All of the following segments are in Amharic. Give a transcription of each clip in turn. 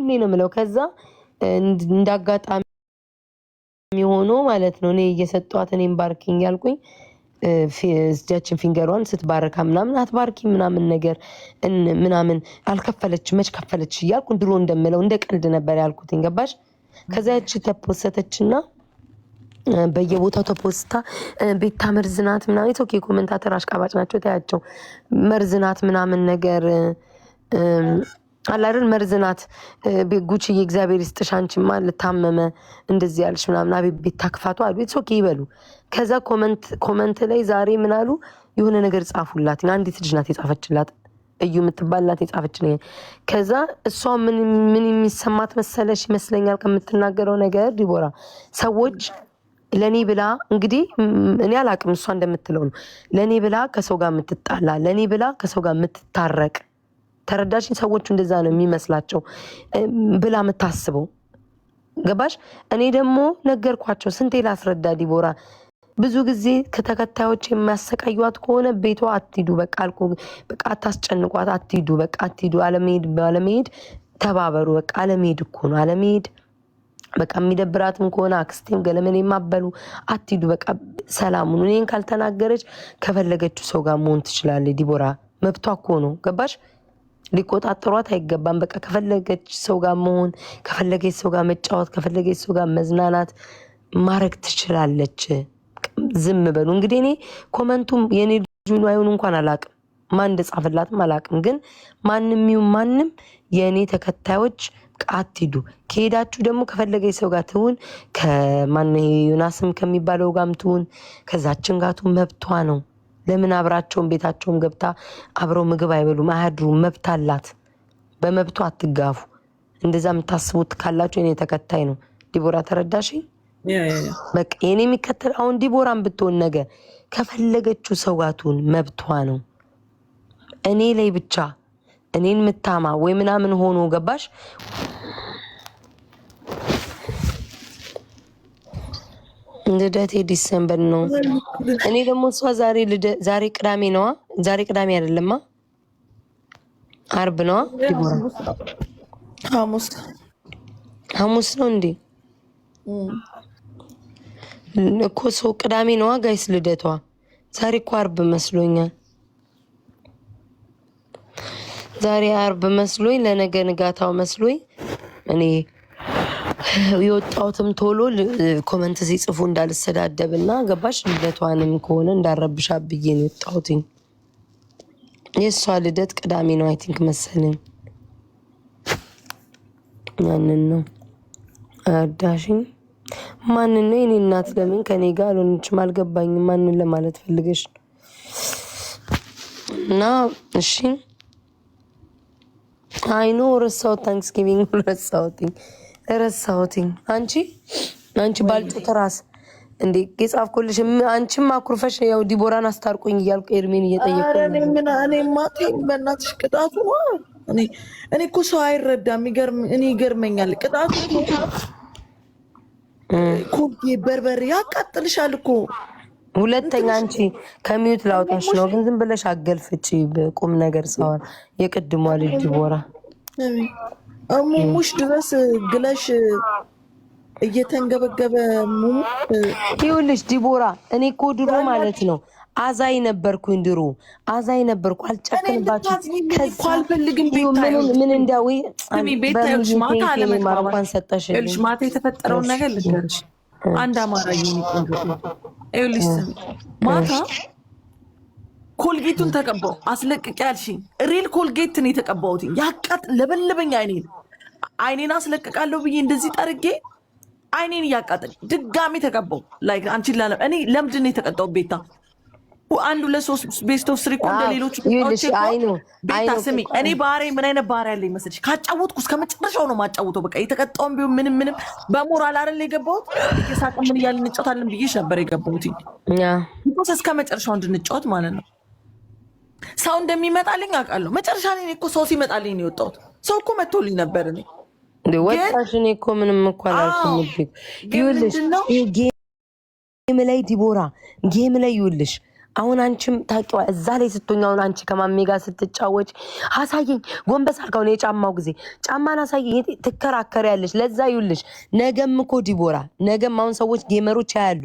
ሁሌ ነው የምለው። ከዛ እንዳጋጣሚ ሆኖ ማለት ነው እኔ እየሰጧት እኔም ባርኪኝ ያልኩኝ እጃችን ፊንገሯን ስትባርካ ምናምን አትባርኪ ምናምን ነገር ምናምን አልከፈለች መች ከፈለች እያልኩ ድሮ እንደምለው እንደ ቀልድ ነበር ያልኩት። ገባሽ? ከዛ ተፖሰተች ተፖሰተችና በየቦታው ተፖስታ ቤታ መርዝናት ምናምን ቶ ኮመንታተር አሽቃባጭ ናቸው። ተያቸው መርዝናት ምናምን ነገር አላርን መርዝናት ጉቺዬ እግዚአብሔር ይስጥሽ፣ አንቺማ ልታመመ እንደዚህ ያለች ምናምን አቤት ቤት ታክፋቱ አሉ። ሶኬ ይበሉ። ከዛ ኮመንት ላይ ዛሬ ምናሉ የሆነ ነገር ጻፉላት። አንዲት ልጅ ናት የጻፈችላት፣ እዩ የምትባል ናት የጻፈች። ከዛ እሷ ምን የሚሰማት መሰለሽ ይመስለኛል ከምትናገረው ነገር ዲቦራ ሰዎች ለእኔ ብላ እንግዲህ እኔ አላቅም፣ እሷ እንደምትለው ነው። ለእኔ ብላ ከሰው ጋር የምትጣላ፣ ለእኔ ብላ ከሰው ጋር የምትታረቅ ተረዳሽኝ? ሰዎቹ እንደዛ ነው የሚመስላቸው ብላ የምታስበው ገባሽ? እኔ ደግሞ ነገርኳቸው። ስንቴ ላስረዳ ዲቦራ ብዙ ጊዜ ከተከታዮች የሚያሰቃዩት ከሆነ ቤቷ አትሂዱ፣ በቃ አልኩ፣ በቃ አታስጨንቋት፣ አትሂዱ፣ በቃ አትሂዱ፣ አለመሄድ ባለመሄድ ተባበሩ። በቃ አለመሄድ እኮ ነው አለመሄድ። በቃ የሚደብራትም ከሆነ አክስቴም ገለመን የማበሉ አትሂዱ፣ በቃ ሰላሙን። እኔን ካልተናገረች ከፈለገችው ሰው ጋር መሆን ትችላለች። ዲቦራ መብቷ እኮ ነው ገባሽ? ሊቆጣጠሯት አይገባም። በቃ ከፈለገች ሰው ጋር መሆን፣ ከፈለገች ሰው ጋር መጫወት፣ ከፈለገች ሰው ጋር መዝናናት ማድረግ ትችላለች። ዝም በሉ እንግዲህ። እኔ ኮመንቱም የኔ ልጁ አይሆኑ እንኳን አላቅም፣ ማን እንደጻፈላትም አላቅም። ግን ማንም ይሁን ማንም የእኔ ተከታዮች አትሂዱ። ከሄዳችሁ ደግሞ ከፈለገች ሰው ጋር ትሁን፣ ከማን ዮናስም ከሚባለው ጋርም ትሁን፣ ከዛችን ጋር ትሁን፣ መብቷ ነው። ለምን አብራቸውን ቤታቸውን ገብታ አብረው ምግብ አይበሉም አያድሩም? መብት አላት። በመብቱ አትጋፉ። እንደዛ የምታስቡት ካላቸው እኔ ተከታይ ነው ዲቦራ። ተረዳሽ? በቃ የኔ የሚከተል አሁን ዲቦራን ብትሆን ነገ ከፈለገችው ሰዋቱን መብቷ ነው። እኔ ላይ ብቻ እኔን ምታማ ወይ ምናምን ሆኖ ገባሽ ልደቴ ዲሰምበር ነው። እኔ ደግሞ እሷ ዛሬ ቅዳሜ ነዋ። ዛሬ ቅዳሜ አይደለማ፣ አርብ ነዋ። ዲቦራ ሐሙስ ሐሙስ ነው እንዴ? እኮ ሰው ቅዳሜ ነዋ ጋይስ ልደቷ። ዛሬ እኮ አርብ መስሎኛል። ዛሬ አርብ መስሎኝ ለነገ ንጋታው መስሎኝ እኔ የወጣሁትም ቶሎ ኮመንት ሲጽፉ እንዳልሰዳደብ እና ገባሽ ልደቷንም ከሆነ እንዳረብሻ ብዬ ነው የወጣሁትኝ። የእሷ ልደት ቅዳሜ ነው አይ ቲንክ መሰለኝ። ያንን ነው አዳሽኝ። ማንን ነው የኔ እናት? ለምን ከኔ ጋር አልሆነችም? አልገባኝም። ማንን ለማለት ፈልገሽ ነው? እና እሺ አይኖ ረሳሁት። ታንክስጊቪንግ ረሳሁትኝ። ረሳሁትኝ። አንቺ አንቺ ባልጩት ራስ እንዴ የጻፍኩልሽ አንቺም አኩርፈሽ ያው ዲቦራን አስታርቁኝ እያልኩ ኤርሜን በእናትሽ ቅጣቱ እኔ እኮ ሰው አይረዳም። እኔ ይገርመኛል ቅጣቱ ኮቤ በርበሬ ያቃጥልሻል እኮ ሁለተኛ አንቺ ከሚዩት ላውጣሽ ነው ግን ዝም ብለሽ ነገር ሰዋል የቅድሟ ልጅ ዲቦራ እሙሙሽ ድረስ ግለሽ እየተንገበገበ ሙሙ ይኸውልሽ፣ ዲቦራ እኔ እኮ ድሮ ማለት ነው አዛይ ነበርኩኝ። ድሮ አዛይ ነበርኩ። አልጨክንባችሁ አልፈልግም። ምን እንዳዊ ማለማቋን ሰጠሽልሽ። ማታ የተፈጠረውን ነገር ልንገርሽ። አንድ አማራ የሚቆንጆ ይኸውልሽ፣ ስሚ ማታ ኮልጌቱን ተቀባው አስለቅቄ አልሽኝ። ሪል ኮልጌትን የተቀባሁት ያቃጥ ለበለበኛ አይኔ ነው አይኔን አስለቅቃለሁ ብዬ እንደዚህ ጠርጌ አይኔን እያቃጠል ድጋሚ ተቀባው። ላይክ አንቺን ላለ እኔ ለምንድን ነው የተቀጣው? ቤታ አንዱ ለሶስት ቤስቶ ቤስት ኦፍ ስሪ እኮ እንደ ሌሎች ቤታ ስሚ፣ እኔ ባህሪ ምን አይነት ባህሪ ያለ ይመስልሽ? ካጫወትኩ እስከ መጨረሻው ነው ማጫወተው። በቃ የተቀጣውን ቢሆን ምንም ምንም በሞራል አይደል የገባሁት። የሳቅ ምን እያልን እንጫወታለን ብዬሽ ነበር የገባሁት እስከ መጨረሻው እንድንጫወት ማለት ነው። ሰው እንደሚመጣልኝ አውቃለሁ። መጨረሻ ላይ እኮ ሰው ሲመጣልኝ ነው የወጣሁት። ሰው እኮ መጥቶልኝ ነበር እኔ ወጣሽ። እኔ እኮ ምንም እኮ አላልኩም። ይኸውልሽ ጌም ላይ ዲቦራ ጌም ላይ ይኸውልሽ አሁን አንቺም ታቂዋ እዛ ላይ ስትሆኝ አሁን አንቺ ከማሜ ጋር ስትጫወች አሳየኝ ጎንበስ አልካሁን የጫማው ጊዜ ጫማን አሳየኝ ትከራከር ያለሽ ለዛ ይውልሽ። ነገም እኮ ዲቦራ ነገም አሁን ሰዎች ጌመሮች ያያሉ።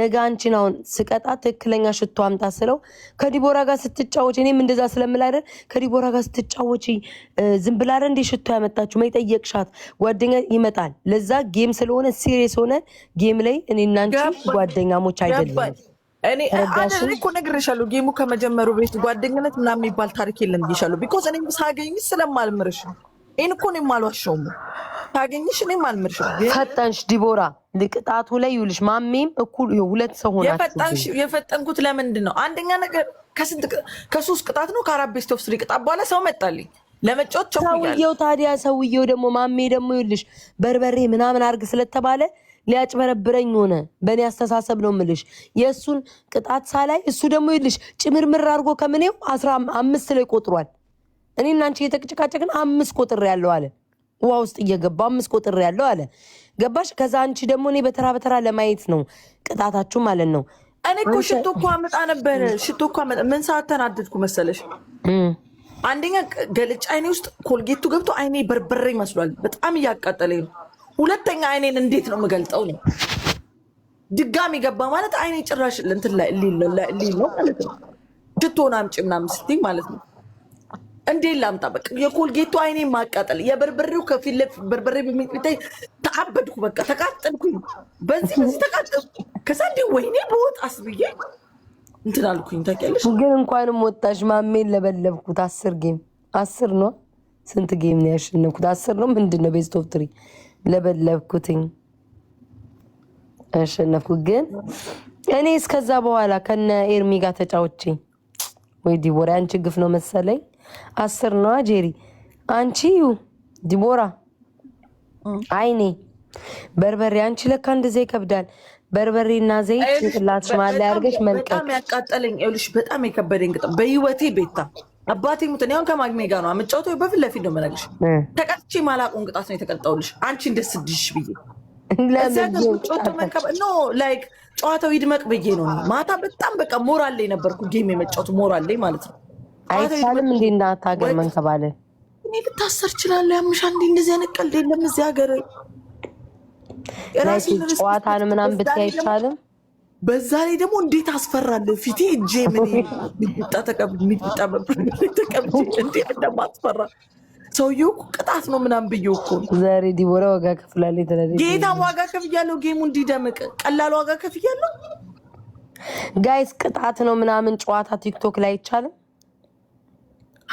ነገ አንቺን አሁን ስቀጣ ትክክለኛ ሽቶ አምጣ ስለው ከዲቦራ ጋር ስትጫወች እኔም እንደዛ ስለምል አይደል ከዲቦራ ጋር ስትጫወች ዝም ብላ አይደል እንዴ ሽቶ ያመጣችሁ መጠየቅሻት ጓደኛ ይመጣል። ለዛ ጌም ስለሆነ ሲሪየስ ሆነ ጌም ላይ እኔ እናንቺ ጓደኛሞች አይደለም እኔ እኮ ነግሬሻለሁ፣ ጌሙ ከመጀመሩ በፊት ጓደኝነት ምናምን የሚባል ታሪክ የለም ብዬሻለሁ። ቢኮዝ እኔም ሳገኝ ስለማልምርሽ ነው። ይህን እኮ እኔም አልዋሸውም። ታገኝሽ እኔም አልምርሽም። ፈጠንሽ ዲቦራ ቅጣቱ ላይ ይውልሽ። ማሜም እኩል ሁለት ሰው ሆናችሁ የፈጠንኩት ለምንድን ነው? አንደኛ ነገር ከስንት ከሶስት ቅጣት ነው ከአራት ቤስት ኦፍ ስሪ ቅጣት በኋላ ሰው መጣልኝ ለመጫወት ሰውየው። ታዲያ ሰውየው ደግሞ ማሜ ደግሞ ይውልሽ በርበሬ ምናምን አርግ ስለተባለ ሊያጭበረብረኝ ሆነ። በእኔ አስተሳሰብ ነው ምልሽ። የእሱን ቅጣት ሳላይ እሱ ደግሞ ይልሽ ጭምርምር አድርጎ ከምኔው አስራ አምስት ላይ ቆጥሯል። እኔ እናንቺ የተቅጭቃጨቅን አምስት ቆጥር ያለው አለ ውሃ ውስጥ እየገባ አምስት ቆጥር ያለው አለ ገባሽ። ከዛ አንቺ ደግሞ እኔ በተራ በተራ ለማየት ነው ቅጣታችሁ ማለት ነው። እኔ እኮ ሽቶ እኮ አመጣ ነበር። ሽቶ እኮ ምን ሰዓት ተናደድኩ መሰለሽ? አንደኛ ገልጭ አይኔ ውስጥ ኮልጌቱ ገብቶ አይኔ በርበሬ ይመስሏል። በጣም እያቃጠለኝ ነው ሁለተኛ አይኔን እንዴት ነው የምገልጠው? ነው ድጋሚ ገባ ማለት አይኔ ጭራሽ እንትን ሊል ነው ማለት ነው። ሽቶን አምጪ ምናምን ስትይ ማለት ነው እንዴት ላምጣ? በቃ የኮልጌቱ አይኔ ማቃጠል፣ የበርበሬው ከፊት ለፊት በርበሬ በሚታይ ተአበድኩ። በቃ ተቃጠልኩኝ፣ በዚህ በዚህ ተቃጠልኩ። ከዛ እንዲ ወይኔ በወጥ አስብዬ እንትን አልኩኝ። ታውቂያለሽ ግን እንኳንም ወጣሽ። ማሜን ለበለብኩት። አስር ጌም አስር ነው ስንት ጌም ነው ያሸነፍኩት? አስር ነው ምንድን ነው ቤስት ኦፍ ትሪ ለበለብኩትኝ አሸነፍኩ። ግን እኔ እስከዛ በኋላ ከነ ኤርሚ ጋር ተጫውቼ ወይ ዲቦራ አንቺ ግፍ ነው መሰለኝ። አስር ነዋ ጄሪ አንቺ ዩ ዲቦራ አይኔ በርበሬ አንቺ ለካ እንደዚህ ይከብዳል። በርበሬና ዘይት ጭንቅላት ሽማል አድርገሽ መልቀቅ በጣም ያቃጠለኝ ልሽ በጣም የከበደኝ ግጥም በህይወቴ ቤታ አባቴ ሙት እኔ አሁን ከማግሜ ጋር ነው አምጫወተው በፊት ለፊት ነው የምነግርሽ። ተቀጥቼ ማላውቀውን ቅጣት ነው የተቀጣሁልሽ አንቺ እንደስድሽ ብዬ ላይክ ጨዋታው ይድመቅ ብዬ ነው። ማታ በጣም በቃ ሞራል ላይ ነበርኩ፣ ጌም የመጫወት ሞራል ላይ ማለት ነው። አይቻልም እንዴ እናት ሀገር መንከባለ እኔ ልታሰር እችላለሁ። ያምሻ እንዴ እንደዚህ አይነት ቀልድ የለም እዚህ ሀገር ጨዋታን ምናምን ብታይ አይቻልም በዛ ላይ ደግሞ እንዴት አስፈራለሁ። ፊቴ እጄ ምን ሚጣ ተቀብሚጣ እንደማስፈራ ሰውዬው እኮ ቅጣት ነው ምናምን ብዬ እኮ ዛሬ ዲቦራ ዋጋ ከፍላለች። ጌታም ዋጋ ከፍያለሁ። ጌሙ እንዲደምቅ ቀላል ዋጋ ከፍያለሁ። ጋይስ ቅጣት ነው ምናምን ጨዋታ ቲክቶክ ላይ አይቻልም።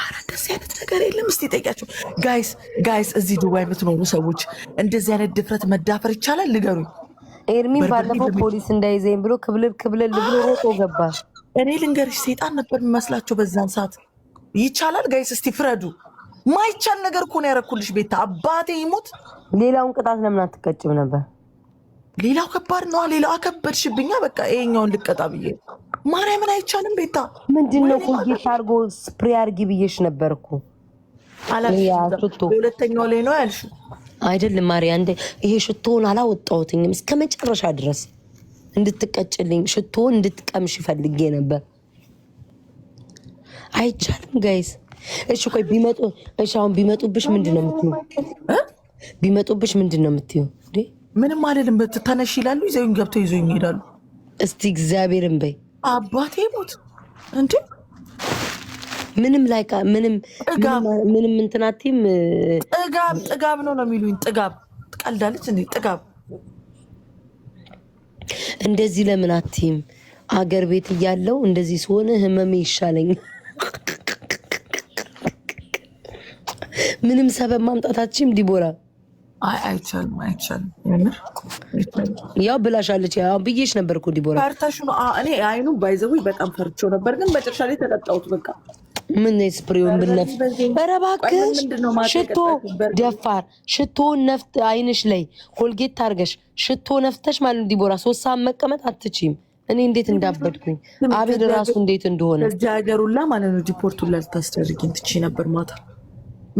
አረ እንደዚህ አይነት ነገር የለም። እስኪ ጠይቂያቸው ጋይስ። ጋይስ እዚህ ዱባይ የምትኖሩ ሰዎች እንደዚህ አይነት ድፍረት መዳፈር ይቻላል? ንገሩኝ። ኤርሚን ባለፈው ፖሊስ እንዳይዘኝ ብሎ ክብልል ክብልል ብሎ ሮጦ ገባ። እኔ ልንገርሽ ሴጣን ነበር የሚመስላቸው በዛን ሰዓት። ይቻላል ጋይስ፣ እስቲ ፍረዱ። ማይቻል ነገር እኮ ነው ያረኩልሽ ቤታ፣ አባቴ ይሙት። ሌላውን ቅጣት ለምን አትቀጭም ነበር? ሌላው ከባድ ነዋ። ሌላው አከበድሽብኛ። በቃ ይሄኛውን ልቀጣ ብዬ ማርያምን፣ አይቻልም ቤታ። ምንድን ነው ኮጌታ አድርጎ ስፕሬ አርጊ ብዬሽ ነበር እኮ። ሁለተኛው ላይ ነው ያልሽው አይደል ማሪያ፣ እንደ ይሄ ሽቶውን አላወጣሁትኝም እስከ መጨረሻ ድረስ እንድትቀጭልኝ ሽቶውን እንድትቀምሽ ይፈልጌ ነበር። አይቻልም ጋይስ። እሺ ቆይ ቢመጡ፣ እሺ አሁን ቢመጡብሽ ምንድን ነው የምትይው? ቢመጡብሽ ምንድን ነው የምትይው? ምንም አይደለም። በትታነሽ ይላሉ፣ ይዘውኝ ገብተው ይዞኝ ይሄዳሉ። እስቲ እግዚአብሔርን በይ አባቴ ሞት እንዴ ምንም ላይ ምንም ምንም እንትናቲም ጥጋብ ጥጋብ ነው ነው የሚሉኝ። ጥጋብ ትቀልዳለች እንዴ? ጥጋብ እንደዚህ ለምን አትይም? አገር ቤት እያለው እንደዚህ ሲሆን ህመሜ ይሻለኝ። ምንም ሰበብ ማምጣታችም ዲቦራ አይቻልም፣ አይቻልም። ያው ብላሻለች። ያው ብዬሽ ነበር እኮ ዲቦራ ፈርተሽ ነው። እኔ አይኑ ባይዘዊ በጣም ፈርቼው ነበር፣ ግን መጨረሻ ላይ ተቀጣሁት በቃ ምን ስፕሬውን ብነፍ ኧረ ሽቶ ደፋር ሽቶ ነፍት አይንሽ ላይ ኮልጌት ታርገሽ ሽቶ ነፍተሽ ማለት ዲቦራ ሶስት ሰዓት መቀመጥ አትችም። እኔ እንዴት እንዳበድኩኝ አቤል ራሱ እንዴት እንደሆነ እዚህ ሀገሩላ ማለት ነው። ዲፖርቱላ ልታስደርግኝ ትች ነበር ማታ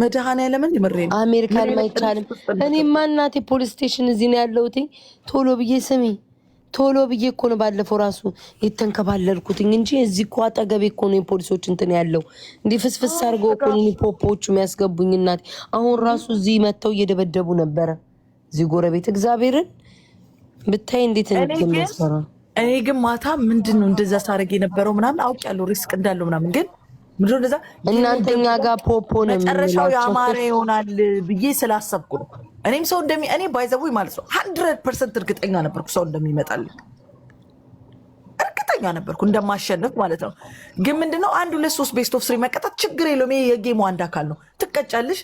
መድሃን ያለምን ምሬ ነው። አሜሪካን አይቻልም። እኔማ እናቴ ፖሊስ ስቴሽን እዚህ ነው ያለሁት። ቶሎ ብዬ ስሜ ቶሎ ብዬ እኮ ነው ባለፈው ራሱ የተንከባለልኩትኝ እንጂ እዚህ እኮ አጠገቤ እኮ ነው የፖሊሶች እንትን ያለው። እንዲ ፍስፍስ አድርጎ እኮ ፖፖዎቹ የሚያስገቡኝ እናቴ። አሁን ራሱ እዚህ መጥተው እየደበደቡ ነበረ። እዚህ ጎረቤት እግዚአብሔርን ብታይ እንዴት እንደሚያስፈራ። እኔ ግን ማታ ምንድን ነው እንደዛ ሳረግ የነበረው ምናምን አውቅ ያለው ሪስክ እንዳለው ምናምን ግን ምንድን ነው እንደዛ እናንተኛ ጋር ፖፖ ነው መጨረሻው ያማረ ይሆናል ብዬ ስላሰብኩ ነው እኔም ሰው እንደሚ እኔ ባይዘቡ ማለት ነው ሀንድረድ ፐርሰንት እርግጠኛ ነበርኩ ሰው እንደሚመጣልኝ እርግጠኛ ነበርኩ እንደማሸንፍ ማለት ነው። ግን ምንድነው አንድ ሁለት ሶስት ቤስት ኦፍ ስሪ መቀጣት ችግር የለውም። የጌሙ አንድ አካል ነው። ትቀጫለሽ